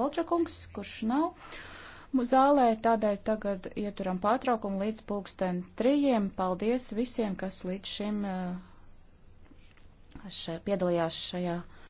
Polčakungs, kurš nav zālē, tādēļ tagad ieturam pārtraukumu līdz pulksten trījiem. Paldies visiem, kas līdz šim eh, še, piedalījās šajā